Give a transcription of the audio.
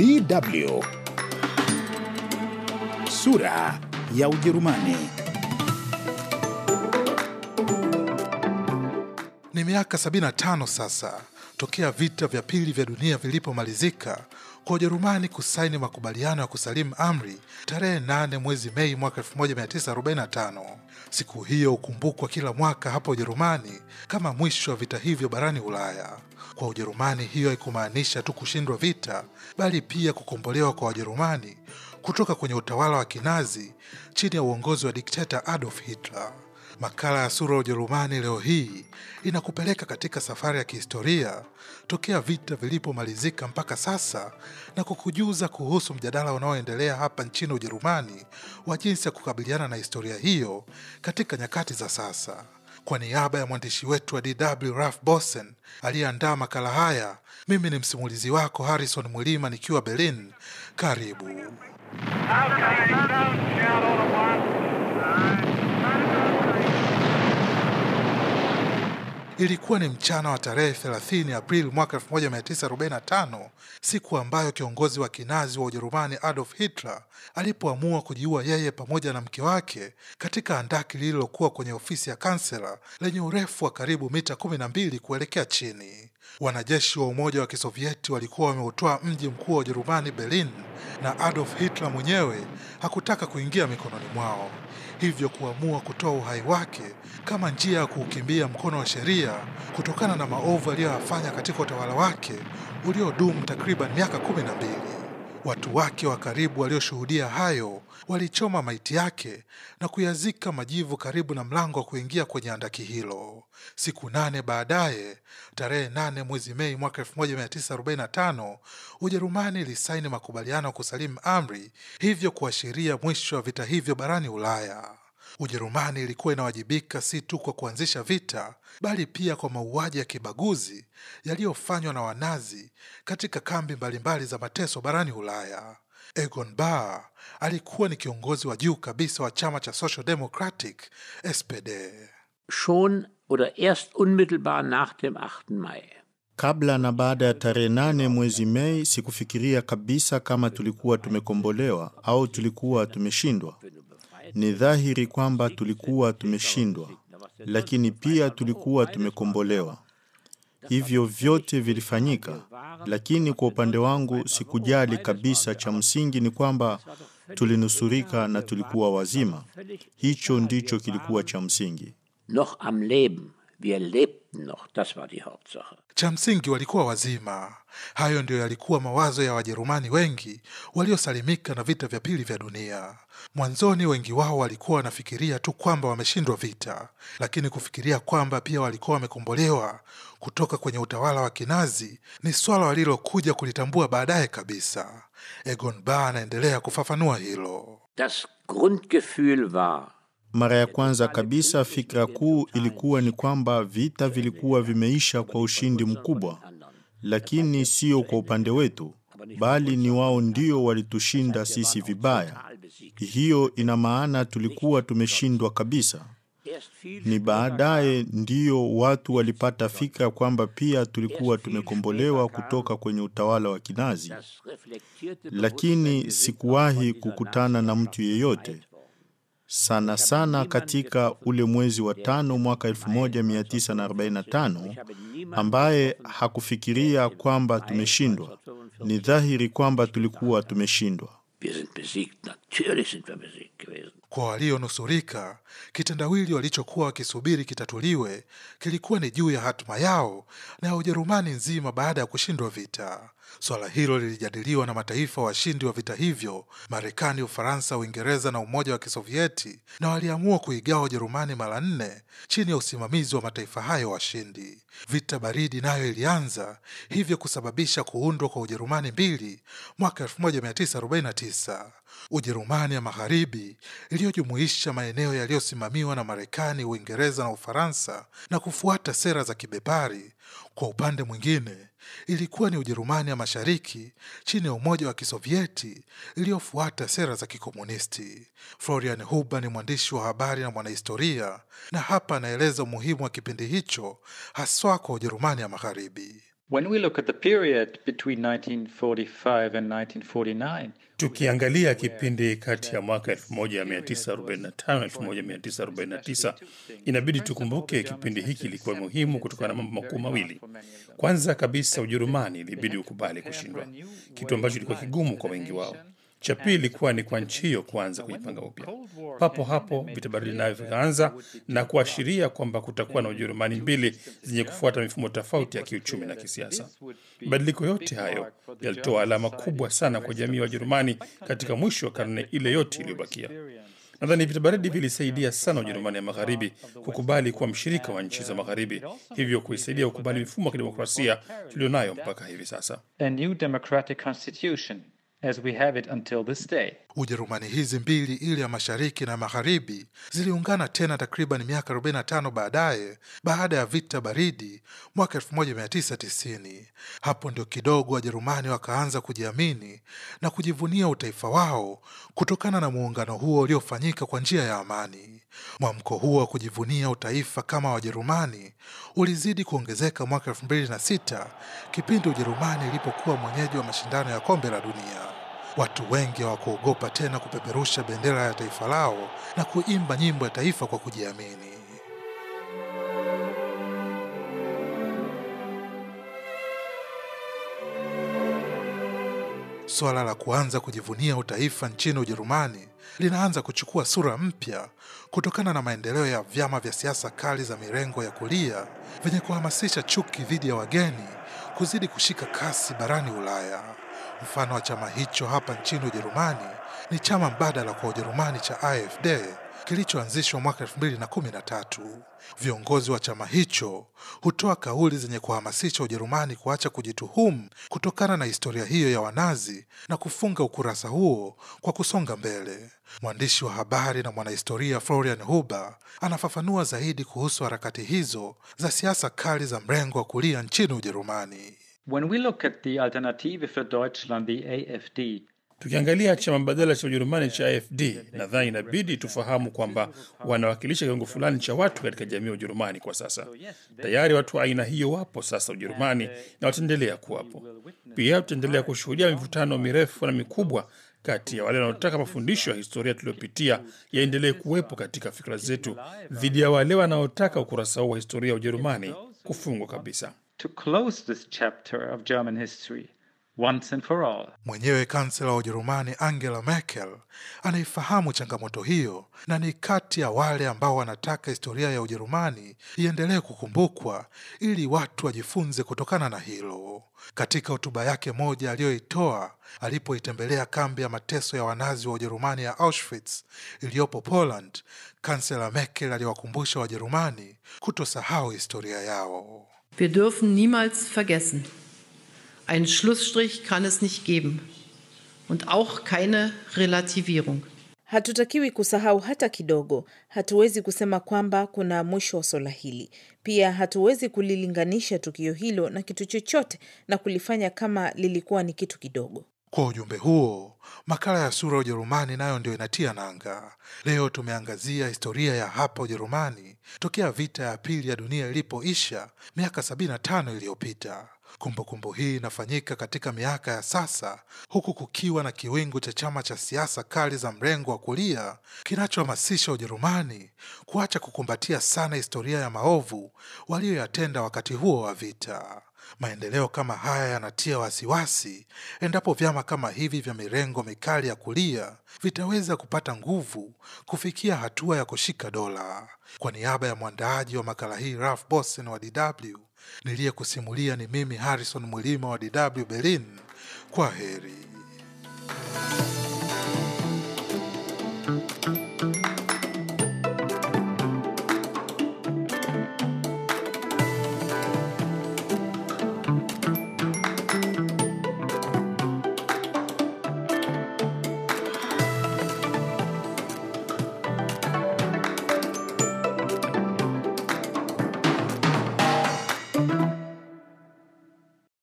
DW sura ya Ujerumani. Ni miaka 75 sasa tokea vita vya pili vya dunia vilipomalizika kwa Ujerumani kusaini makubaliano ya kusalimu amri tarehe 8 mwezi Mei mwaka 1945. Siku hiyo hukumbukwa kila mwaka hapa Ujerumani kama mwisho wa vita hivyo barani Ulaya. Kwa Ujerumani, hiyo haikumaanisha tu kushindwa vita, bali pia kukombolewa kwa Wajerumani kutoka kwenye utawala wa Kinazi chini ya uongozi wa dikteta Adolf Hitler. Makala ya Sura ya Ujerumani leo hii inakupeleka katika safari ya kihistoria tokea vita vilipomalizika mpaka sasa na kukujuza kuhusu mjadala unaoendelea hapa nchini Ujerumani wa jinsi ya kukabiliana na historia hiyo katika nyakati za sasa. Kwa niaba ya mwandishi wetu wa DW Raf bosen aliyeandaa makala haya, mimi ni msimulizi wako Harrison Mwilima nikiwa Berlin. Karibu. Ilikuwa ni mchana wa tarehe 30 Aprili mwaka 1945, siku ambayo kiongozi wa kinazi wa Ujerumani Adolf Hitler alipoamua kujiua yeye pamoja na mke wake katika andaki lililokuwa kwenye ofisi ya kansela lenye urefu wa karibu mita 12 kuelekea chini. Wanajeshi wa Umoja wa Kisovieti walikuwa wameutoa mji mkuu wa Ujerumani Berlin, na Adolf Hitler mwenyewe hakutaka kuingia mikononi mwao hivyo kuamua kutoa uhai wake kama njia ya kuukimbia mkono wa sheria kutokana na maovu aliyoyafanya katika utawala wake uliodumu takriban miaka kumi na mbili. Watu wake wa karibu walioshuhudia hayo walichoma maiti yake na kuyazika majivu karibu na mlango wa kuingia kwenye andaki hilo. Siku nane baadaye, tarehe nane mwezi Mei mwaka 1945, Ujerumani ilisaini makubaliano ya kusalimu amri, hivyo kuashiria mwisho wa vita hivyo barani Ulaya. Ujerumani ilikuwa inawajibika si tu kwa kuanzisha vita, bali pia kwa mauaji ya kibaguzi yaliyofanywa na Wanazi katika kambi mbalimbali za mateso barani Ulaya. Egon Bahr alikuwa ni kiongozi wa juu kabisa wa chama cha Social Democratic SPD. Schon oder erst unmittelbar nach dem 8. Mai. Kabla na baada ya tarehe nane mwezi Mei sikufikiria kabisa kama tulikuwa tumekombolewa au tulikuwa tumeshindwa. Ni dhahiri kwamba tulikuwa tumeshindwa, lakini pia tulikuwa tumekombolewa. Hivyo vyote vilifanyika, lakini kwa upande wangu sikujali kabisa. Cha msingi ni kwamba tulinusurika na tulikuwa wazima. Hicho ndicho kilikuwa cha msingi. noch am leben wir lebten noch. Das war die Hauptsache. Cha msingi walikuwa wazima. Hayo ndio yalikuwa mawazo ya Wajerumani wengi waliosalimika na vita vya pili vya dunia. Mwanzoni wengi wao walikuwa wanafikiria tu kwamba wameshindwa vita, lakini kufikiria kwamba pia walikuwa wamekombolewa kutoka kwenye utawala wa Kinazi ni swala walilokuja kulitambua baadaye kabisa. Egon Bahr anaendelea kufafanua hilo. Das Grundgefühl war mara ya kwanza kabisa fikra kuu ilikuwa ni kwamba vita vilikuwa vimeisha kwa ushindi mkubwa, lakini sio kwa upande wetu, bali ni wao ndio walitushinda sisi vibaya. Hiyo ina maana tulikuwa tumeshindwa kabisa. Ni baadaye ndio watu walipata fikra kwamba pia tulikuwa tumekombolewa kutoka kwenye utawala wa Kinazi, lakini sikuwahi kukutana na mtu yeyote sana sana katika ule mwezi wa tano mwaka 1945 ambaye hakufikiria kwamba tumeshindwa. Ni dhahiri kwamba tulikuwa tumeshindwa. Kwa walionusurika, kitendawili walichokuwa wakisubiri kitatuliwe kilikuwa ni juu ya hatima yao na ya Ujerumani nzima baada ya kushindwa vita. Swala hilo lilijadiliwa na mataifa washindi wa vita hivyo, Marekani, Ufaransa, Uingereza na Umoja wa Kisovieti, na waliamua kuigawa Ujerumani mara nne chini ya usimamizi wa mataifa hayo washindi. Vita baridi nayo ilianza, hivyo kusababisha kuundwa kwa Ujerumani mbili mwaka 1949. Ujerumani ya Magharibi iliyojumuisha maeneo yaliyosimamiwa na Marekani, Uingereza na Ufaransa na kufuata sera za kibepari. Kwa upande mwingine, ilikuwa ni Ujerumani ya Mashariki chini ya Umoja wa Kisovieti iliyofuata sera za kikomunisti. Florian Huber ni mwandishi wa habari na mwanahistoria, na hapa anaeleza umuhimu wa kipindi hicho haswa kwa Ujerumani ya Magharibi. Tukiangalia kipindi kati ya mwaka 1945 1949, inabidi tukumbuke kipindi hiki ilikuwa muhimu kutokana na mambo makuu mawili. Kwanza kabisa, Ujerumani ilibidi ukubali kushindwa, kitu ambacho ilikuwa kigumu kwa wengi wao. Cha pili ilikuwa ni kwa nchi hiyo kuanza kuipanga upya. Papo hapo vita baridi nayo vikaanza na kuashiria kwamba kutakuwa na Ujerumani mbili zenye kufuata mifumo tofauti ya kiuchumi na kisiasa. Mabadiliko yote hayo yalitoa alama kubwa sana kwa jamii ya wajerumani katika mwisho wa karne ile yote iliyobakia. Nadhani vita baridi vilisaidia sana Ujerumani ya magharibi kukubali kuwa mshirika wa nchi za magharibi, hivyo kuisaidia kukubali mifumo ya kidemokrasia tuliyonayo mpaka hivi sasa as we have it until this day. Ujerumani hizi mbili ile ya mashariki na magharibi ziliungana tena takriban miaka 45 baadaye baada ya vita baridi mwaka 1990. Hapo ndio kidogo Wajerumani wakaanza kujiamini na kujivunia utaifa wao kutokana na muungano huo uliofanyika kwa njia ya amani. Mwamko huo wa kujivunia utaifa kama Wajerumani ulizidi kuongezeka mwaka 2006 kipindi Ujerumani ilipokuwa mwenyeji wa mashindano ya kombe la dunia. Watu wengi hawakuogopa tena kupeperusha bendera ya taifa lao na kuimba nyimbo ya taifa kwa kujiamini. Suala la kuanza kujivunia utaifa nchini Ujerumani linaanza kuchukua sura mpya kutokana na maendeleo ya vyama vya siasa kali za mirengo ya kulia vyenye kuhamasisha chuki dhidi ya wageni kuzidi kushika kasi barani Ulaya. Mfano wa chama hicho hapa nchini Ujerumani ni chama mbadala kwa Ujerumani cha AfD kilichoanzishwa mwaka 2013. Viongozi wa chama hicho hutoa kauli zenye kuhamasisha Ujerumani kuacha kujituhumu kutokana na historia hiyo ya Wanazi na kufunga ukurasa huo kwa kusonga mbele. Mwandishi wa habari na mwanahistoria Florian Huber anafafanua zaidi kuhusu harakati hizo za siasa kali za mrengo wa kulia nchini Ujerumani. When we look at the Alternative Deutschland, the AfD, tukiangalia chama mbadala cha Ujerumani cha AfD, nadhani inabidi tufahamu kwamba wanawakilisha kiwango fulani cha watu katika jamii ya Ujerumani kwa sasa. Tayari watu wa aina hiyo wapo sasa Ujerumani na wataendelea kuwapo. Pia tutaendelea kushuhudia mivutano mirefu na mikubwa kati ya wale wanaotaka mafundisho ya historia tuliyopitia yaendelee kuwepo katika fikra zetu dhidi ya wale wanaotaka ukurasa huu wa historia ya Ujerumani kufungwa kabisa to close this chapter of German history once and for all. Mwenyewe kansela wa Ujerumani Angela Merkel anaifahamu changamoto hiyo na ni kati ya wale ambao wanataka historia ya Ujerumani iendelee kukumbukwa ili watu wajifunze kutokana na hilo. Katika hotuba yake moja aliyoitoa alipoitembelea kambi ya mateso ya wanazi wa Ujerumani ya Auschwitz iliyopo Poland, kansela Merkel aliwakumbusha Wajerumani kutosahau historia yao. Wir dürfen niemals vergessen, einen Schlussstrich kann es nicht geben und auch keine Relativierung. Hatutakiwi kusahau hata kidogo. Hatuwezi kusema kwamba kuna mwisho wa swala hili. Pia hatuwezi kulilinganisha tukio hilo na kitu chochote na kulifanya kama lilikuwa ni kitu kidogo. Kwa ujumbe huo, makala ya sura ya Ujerumani nayo ndio inatia nanga. Leo tumeangazia historia ya hapa Ujerumani tokea vita ya pili ya dunia ilipoisha miaka 75 iliyopita. Kumbukumbu hii inafanyika katika miaka ya sasa, huku kukiwa na kiwingu cha chama cha siasa kali za mrengo wa kulia kinachohamasisha Ujerumani kuacha kukumbatia sana historia ya maovu waliyoyatenda wakati huo wa vita. Maendeleo kama haya yanatia wasiwasi endapo vyama kama hivi vya mirengo mikali ya kulia vitaweza kupata nguvu kufikia hatua ya kushika dola. Kwa niaba ya mwandaaji wa makala hii Ralph Bosen wa DW, niliyekusimulia ni mimi Harrison Mwilima wa DW Berlin. Kwa heri.